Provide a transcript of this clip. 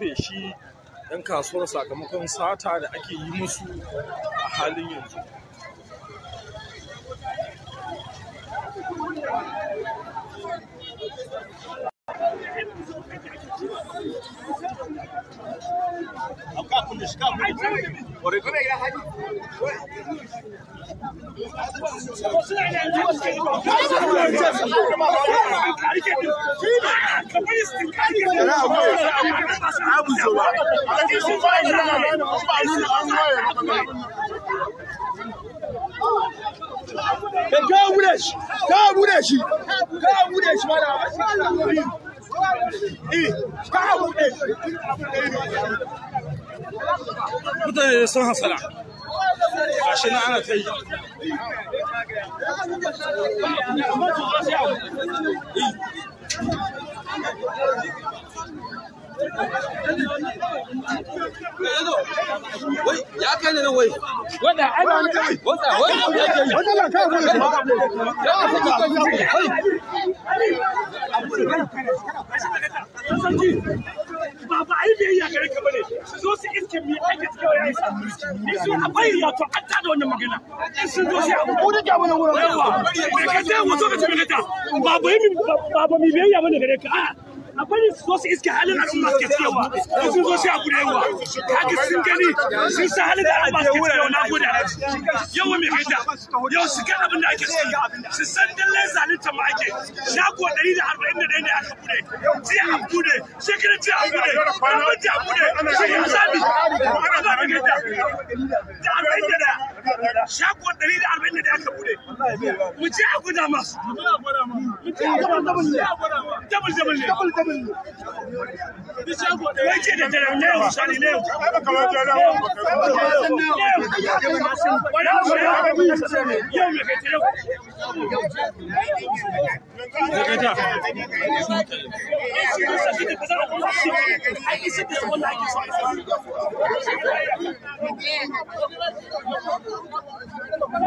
rufe shi ɗan kasuwar sakamakon sata da ake yi musu a halin yanzu Ka bude shi, ka bude shi, ka bude shi gashi na ana ta yi ya kai ne wai. Wanda ai ba wai. Wanda wai Wanda kai wai. Ya kai wai. Wai. ne kai. biyayya gare ka bane su zo su iske mi ake cikin wa yayi ni su akwai riya an tada wannan magana in sun zo sai abu ku rike mana wurin yawa kai kai mu zo ka tabbata ba ba mi biyayya bane gare ka a bari su su iske halin al'umma suke cewa ko sun zo sai a gure yawa haka sun gani sun san halin da al'umma suke cewa na gode alhaji yau mai fita yau su ga abin da ake ciki su san dallan zalunta ma ake shago ɗari da arba'in da ɗaya ne aka bude jiya a bude shekara jiya a bude ranar jiya a bude shekara sami ana da gaita da arba'in da ɗaya shagon ɗari da arba'in da aka bude mu ce a gwada masu mu ce a gwada masu dabal dabal ne dabal dabal ne wai ce da dare ne yau sani ne yau wani abu ne yau mai kai yau Dakata. Ai, isa da